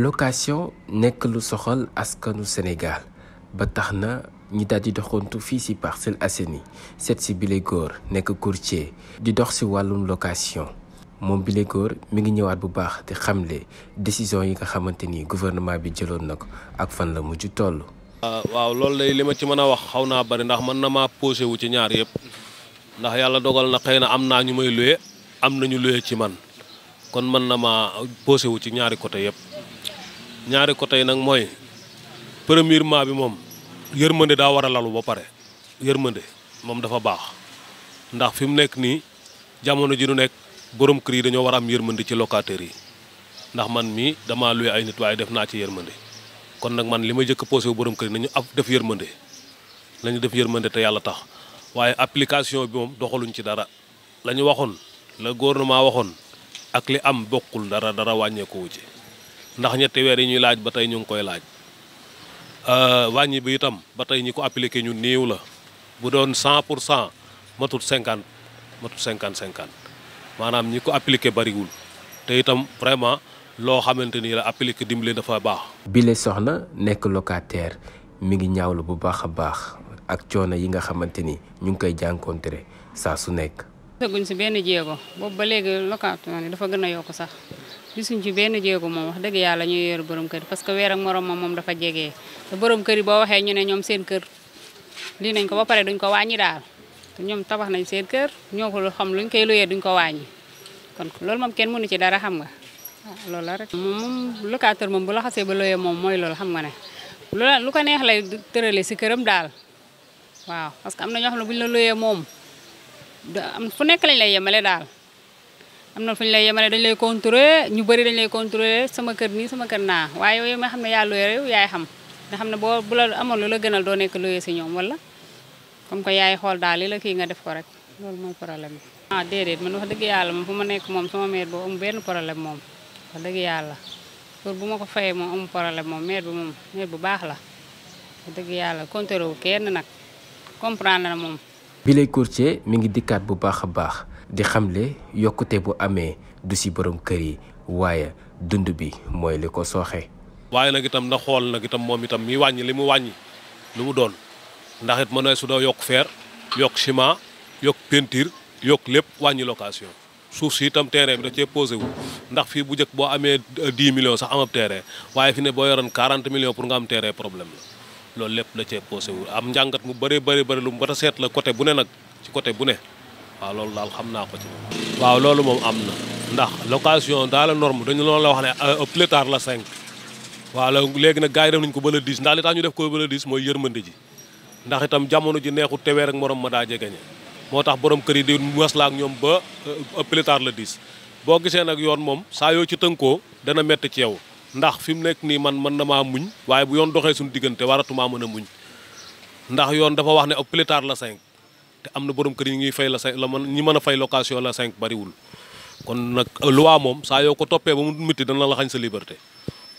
location nekk lu soxal askanu Sénégal ba tax na ñi daal di doxantu fii ci Parcelles Assainies seet ci bile góor nekk courtier di dox ci wàllum location moom bile góor mi ngi ñëwaat bu baax te xamle décision yi nga xamante ni gouvernement bi jëloon na ko ak fan la mujj toll. Ah, waaw loolu lay li ma ci mën a wax xaw naa bari ndax mën na maa posé wu ci ñaar yëpp. ndax yàlla dogal na xëy na am naa ñu may luye am na ñu luye ci man kon mën na ma posé wu ci ñaari côté yëpp ñaari côté yi nag mooy premièrement bi moom yërmande daa war a lalu ba pare yërmande moom dafa baax ndax fi mu nekk nii jamono ji nu nekk borom kër yi dañoo war a am yërmande ci locataires yi ndax man mii dama luye ay nit waaye def naa ci yërmande kon nag man li ma jëkk posé wu borom kër yi nañu ab def yërmande nañu def yërmande te yàlla tax waaye application bi moom doxaluñ ci dara la ñu waxoon la gouvernement waxoon ak li am bokkul dara dara wàññeeku ci ndax ñetti weer yi ñuy laaj ba tey ñu ngi koy laaj euh, wàññi bi itam ba tey ñi ko appliqué ñu néew la bu doon 100 pour cent matul 50 matut 50 50 maanaam ñi ko appliqué bariwul te itam vraiment loo xamante ni la appliqué dimbali dafa baax. bile soxna nekk locataire mi ngi ñaawlu bu baax a baax. ak coono yi nga xamante ni ñu ngi koy jànkoontere saa su nekk. gisaguñ si benn jéego boobu ba léegi location ni dafa gën a yokk sax suñ ci benn jéego moom wax dëgg yàlla ñuy yor borom kër yi parce que weer ak morom moom dafa jege te borom kër yi boo waxee ñu ne ñoom seen kër lii nañ ko ba pare duñ ko wàññi daal te ñoom tabax nañ seen kër ñoo ko xam luñ koy luyee duñ ko wàññi kon loolu moom kenn mënu ci dara xam nga waaw ah, loolu la rek. moom locataire moom bu laxasee ba looyee moom mooy loolu xam nga ne lu si këram daal. waaw parce que am na ñoo xam ne bu ñu la looyee moom am fu nekk lañ lay yemale daal am na fu ñu lay yemale dañ lay contrôler ñu bari dañ lay contrôler sama kër nii sama kër naa waaye yow ma xam ne yaa looyee yaay xam nga ne boo bu la amoon lu la gënal doo nekk looyee si ñoom wala comme que yaay xool daal li la kii nga def ko rek loolu bi. ah déedéet dëgg yàlla moom fu ma nekk moom sama mère boo benn problème moom dëgg yàlla bu ma ko fayee moom amu problème moom mère bi moom bu baax la dëgg yàlla contrôler wu kenn nag. comprendre na moom. bile courtier mi ngi dikkaat bu baax a baax di xamle yokkute bu amee du si borom kër yi waaye dund bi mooy li ko sooxe. waaye nag itam na xool nag itam moom itam mi wàññi li mu wàññi lu mu doon ndax it mën na su doo yokk fer yokk ciment yokk peinture yokk lépp wàññi location. suuf si itam terrain bi da cee posé wu ndax fii bu njëkk boo amee 10 millions sax amab terrain waaye fi ne boo yoroon 40 millions pour nga am terrain problème la. loolu lépp la cee posé wu am njàngat mu bëree bëri bëri lu mu bat a seet la côté bu ne nag ci côté bu ne waaw loolu daal xam naa ko ci waaw loolu moom am na ndax location daal la norme dañu loolu la wax ne euh, euh, plus tard la 5 waaw léegi nag gars yi def nañu ko ba le 10 ndax li tax ñu def ko ba le 10 mooy yërmande ji ndax itam jamono ji neexut te weer ak morom ma daa jegeñe moo tax borom kër yi di waslaa ak ñoom ba euh, plus tard le 10 boo gisee nag yoon moom saa yoo ci tënkoo dana métti ci yow. ndax fi mu nekk nii man mën na maa muñ waaye bu yoon doxee suñu diggante waratumaa mën a muñ ndax yoon dafa wax ne au plus tard la 5 te am na borom kër yi ñuy fay la 5 la mën ñi mën a fay location la 5 bariwul kon nag loi moom saa yoo ko toppee ba mu métti dana la xañ sa liberté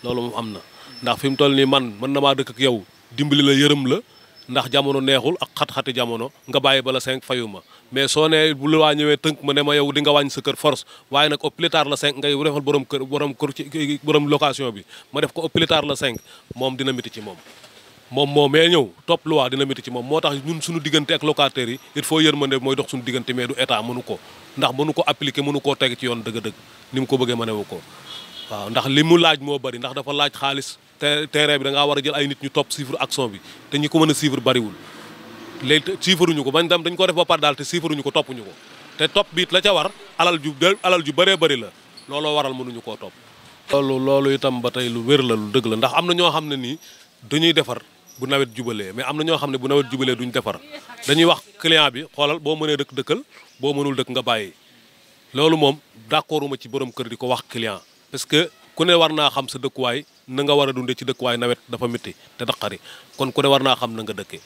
loolu moom am na ndax fi mu toll nii man mën na maa dëkk ak yow dimbali la yërëm la ndax jamono neexul ak xat-xati jamono nga bàyyi ba la cinq fayu ma mais soo nee bu la waa ñëwee tënk ma ne ma yow di nga wàññi sa kër force waaye nag au plus tard la cinq ngay defal borom kër borom kër ci borom location bi ma def ko au plus tard moom dina miti ci moom moo mais ñëw topp luwaa dina métti ci moom moo tax ñun suñu diggante ak locataires yi il faut yërmande mooy dox suñu diggante mais du état mënu ko ndax mënu ko appliquer mënu koo teg ci yoon dëgg-dëgg ni mu ko bëggee mënewu ko waaw ndax li mu laaj moo bari ndax dafa laaj xaalis te terrain bi da war a jël ay nit ñu topp suivre action bi te ñu ko mën a suivre bariwul léegi suivre ñu ko bañ dem dañ ko def ba par daal te suivre ko topp ñu ko te topp biit la ca war alal ju alal ju bëree bëri la looloo waral mënuñu koo topp loolu loolu itam ba tey lu wér la lu dëgg la ndax am na ñoo xam ne nii dañuy defar bu nawet jubalee mais am na ñoo xam ne bu nawet jubalee duñ defar dañuy wax client bi xoolal boo mënee dëkk dëkkal boo mënul dë nga bàyyi loolu moom d'accorduma ci borom kër di ko wax client ku ne war naa xam sa dëkkuwaay na nga war a dundee ci dëkkuwaay nawet dafa métti te daqari kon ku ne war naa xam na nga dëkkee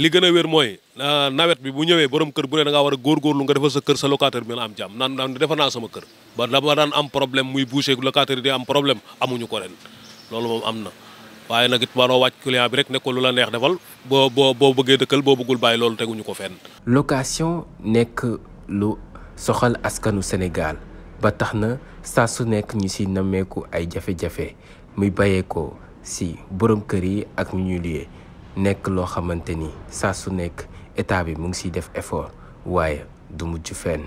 li gën a wér mooy euh, nawet bi bu ñëwee borom kër bu ne da ngaa war a lu nga defal sa kër sa locataire bi na am jàmm naan naan defal naa sama kër ba dama daan am problème muy boucher locataire yi di am problème amuñu ko ren loolu moom am na waaye nag it waroo wàcc client bi rek ne lu la neex defal boo boo boo bëggee dëkkal boo bëggul bàyyi loolu teguñu ko fenn. location nekk lu soxal askanu Sénégal. ba tax na saa su nekk ñu ci nammeeku ay jafe-jafe muy bàyyeekoo ci borom kër yi ak ñu luyee nekk loo xamante ni saa su nekk état bi mu ngi ciy def effort waaye du mujj fenn.